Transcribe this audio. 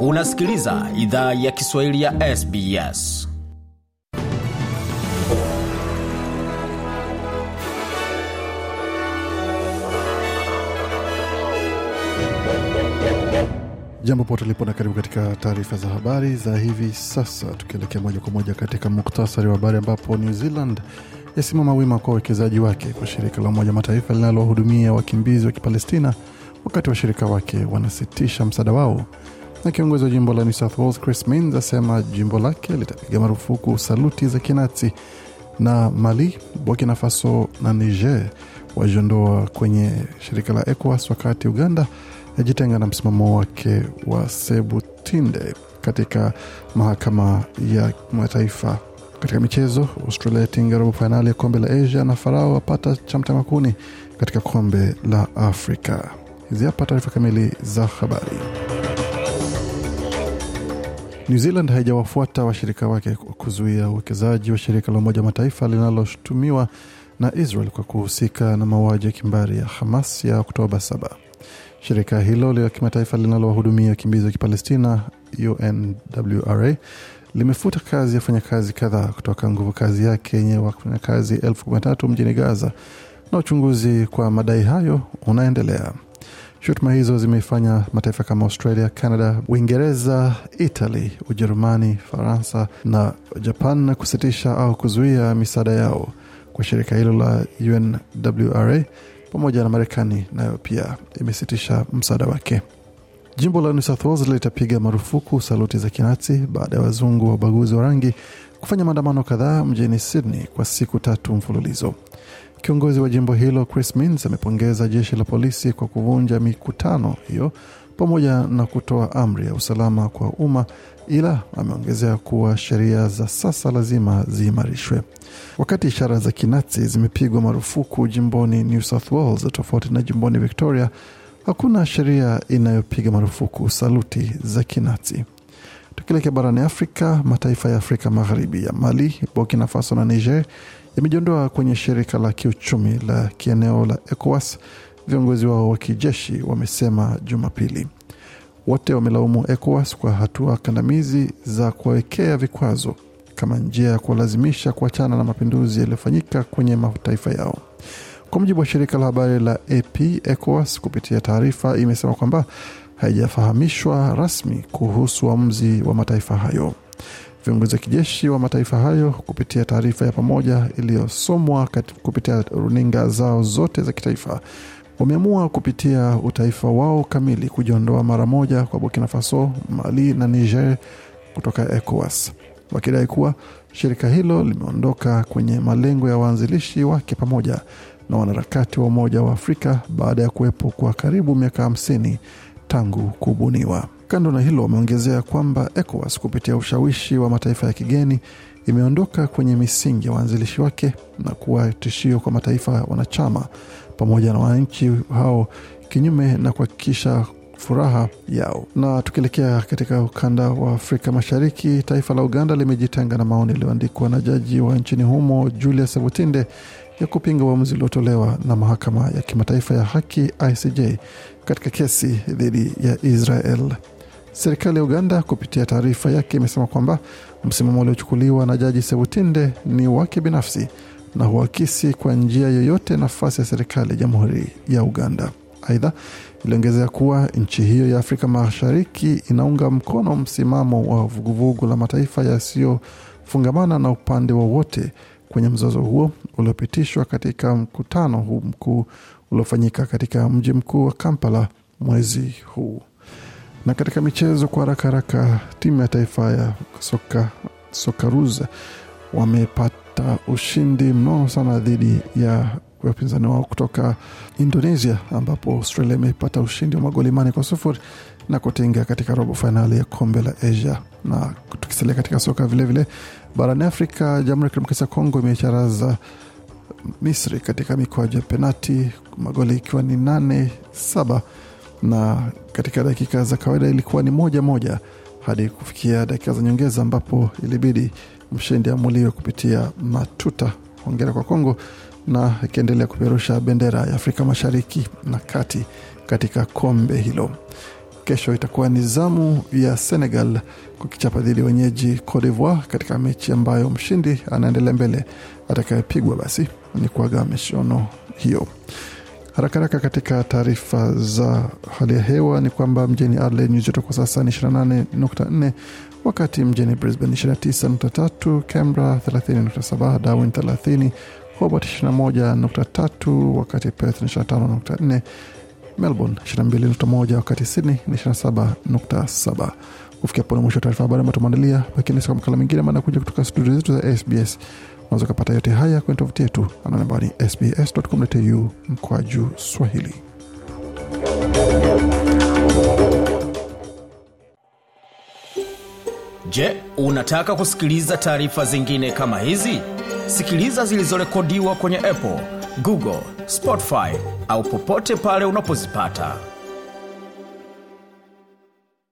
Unasikiliza idhaa ya Kiswahili ya SBS. Jambo pote lipo na karibu katika taarifa za habari za hivi sasa, tukielekea moja kwa moja katika muktasari wa habari ambapo New Zealand yasimama wima kwa uwekezaji wake kwa shirika la Umoja Mataifa linalowahudumia wakimbizi wa Kipalestina, wakati washirika wake wanasitisha msaada wao na kiongozi wa jimbo la New South Wales Chris Minns asema jimbo lake litapiga marufuku saluti za kinati, na Mali, Burkina Faso na Niger wajiondoa kwenye shirika la ECOWAS, wakati Uganda yajitenga na msimamo wake wa Sebutinde katika mahakama ya kimataifa. Katika michezo, Australia yatinga robo fainali ya kombe la Asia na Farao apata chamtamakuni katika kombe la Afrika. Hizi hapa taarifa kamili za habari. New Zealand haijawafuata washirika wake kuzuia uwekezaji wa shirika la Umoja Mataifa linaloshutumiwa na Israel kwa kuhusika na mauaji ya kimbari ya Hamas ya Oktoba 7. Shirika hilo la kimataifa linalowahudumia wakimbizi wa Kipalestina UNWRA limefuta kazi ya wafanyakazi kadhaa kutoka nguvu kazi yake yenye wafanyakazi elfu mjini Gaza, na uchunguzi kwa madai hayo unaendelea. Shutuma hizo zimeifanya mataifa kama Australia, Canada, Uingereza, Italy, Ujerumani, Faransa na Japan kusitisha au kuzuia misaada yao kwa shirika hilo la UNWRA pamoja na Marekani nayo pia imesitisha msaada wake. Jimbo la New South Wales litapiga marufuku saluti za kinazi baada ya wazungu wa ubaguzi wa rangi kufanya maandamano kadhaa mjini Sydney kwa siku tatu mfululizo. Kiongozi wa jimbo hilo Chris Minns amepongeza jeshi la polisi kwa kuvunja mikutano hiyo pamoja na kutoa amri ya usalama kwa umma, ila ameongezea kuwa sheria za sasa lazima ziimarishwe. Wakati ishara za kinazi zimepigwa marufuku jimboni New South Wales tofauti na jimboni Victoria, hakuna sheria inayopiga marufuku saluti za kinazi. Tukielekea barani Afrika, mataifa ya Afrika Magharibi ya Mali, Burkina Faso na Niger imejiondoa kwenye shirika la kiuchumi la kieneo la ECOWAS, viongozi wao wa kijeshi wamesema Jumapili. Wote wamelaumu ECOWAS kwa hatua kandamizi za kuwawekea vikwazo kama njia ya kuwalazimisha kuachana na mapinduzi yaliyofanyika kwenye mataifa yao. Kwa mujibu wa shirika la habari la AP, ECOWAS kupitia taarifa imesema kwamba haijafahamishwa rasmi kuhusu uamuzi wa, wa mataifa hayo. Viongozi wa kijeshi wa mataifa hayo kupitia taarifa ya pamoja iliyosomwa kupitia runinga zao zote za kitaifa wameamua kupitia utaifa wao kamili kujiondoa mara moja kwa Burkina Faso, Mali na Niger kutoka ecoas wakidai kuwa shirika hilo limeondoka kwenye malengo ya waanzilishi wake pamoja na wanaharakati wa Umoja wa Afrika baada ya kuwepo kwa karibu miaka 50 tangu kubuniwa. Kando na hilo, wameongezea kwamba ECOWAS kupitia ushawishi wa mataifa ya kigeni imeondoka kwenye misingi ya waanzilishi wake na kuwa tishio kwa mataifa wanachama pamoja na wananchi hao, kinyume na kuhakikisha furaha yao. Na tukielekea katika ukanda wa Afrika Mashariki, taifa la Uganda limejitenga na maoni yaliyoandikwa na jaji wa nchini humo Julius Butinde ya kupinga uamuzi uliotolewa na mahakama ya kimataifa ya haki ICJ katika kesi dhidi ya Israel. Serikali ya Uganda kupitia taarifa yake imesema kwamba msimamo uliochukuliwa na Jaji Sebutinde ni wake binafsi na huakisi kwa njia yoyote nafasi ya serikali ya Jamhuri ya Uganda. Aidha, iliongezea kuwa nchi hiyo ya Afrika Mashariki inaunga mkono msimamo wa vuguvugu la mataifa yasiyofungamana na upande wowote kwenye mzozo huo uliopitishwa katika mkutano huu mkuu uliofanyika katika mji mkuu wa Kampala mwezi huu. Na katika michezo kwa haraka haraka, timu ya taifa ya soka Socceroos wamepata ushindi mnono sana dhidi ya wapinzani wao kutoka Indonesia, ambapo Australia imepata ushindi wa magoli mane kwa sufuri na kutinga katika robo fainali ya kombe la Asia. Na tukisalia katika soka vilevile vile, barani Afrika, Jamhuri ya Kidemokrasia ya Kongo imecharaza Misri katika mikwaju ya penati, magoli ikiwa ni nane saba na katika dakika za kawaida ilikuwa ni moja moja hadi kufikia dakika za nyongeza ambapo ilibidi mshindi amuliwe kupitia matuta. ongera kwa Kongo na ikiendelea kupeperusha bendera ya Afrika Mashariki na Kati katika kombe hilo. Kesho itakuwa ni zamu ya Senegal kukichapa dhidi wenyeji codivoir katika mechi ambayo mshindi anaendelea mbele, atakayepigwa basi ni kuaga mishono hiyo. Haraka haraka katika taarifa za hali ya hewa ni kwamba mjini Adelaide nyuzi joto kwa sasa ni 28.4, wakati mjini Brisbane 29.3, Canberra 37 Darwin 30, Hobart 21.3, wakati Perth ni 25.4, Melbourne 22.1, wakati Sydney ni 27.7. Kufikia pone mwisho wa taarifa habari ambayo tumeandalia, lakini kwa makala mengine maana kuja kutoka studio zetu za SBS unaweza ukapata yote haya kwenye tovuti yetu ananambari sbs.com.au mkwaju swahili je unataka kusikiliza taarifa zingine kama hizi sikiliza zilizorekodiwa kwenye apple google spotify au popote pale unapozipata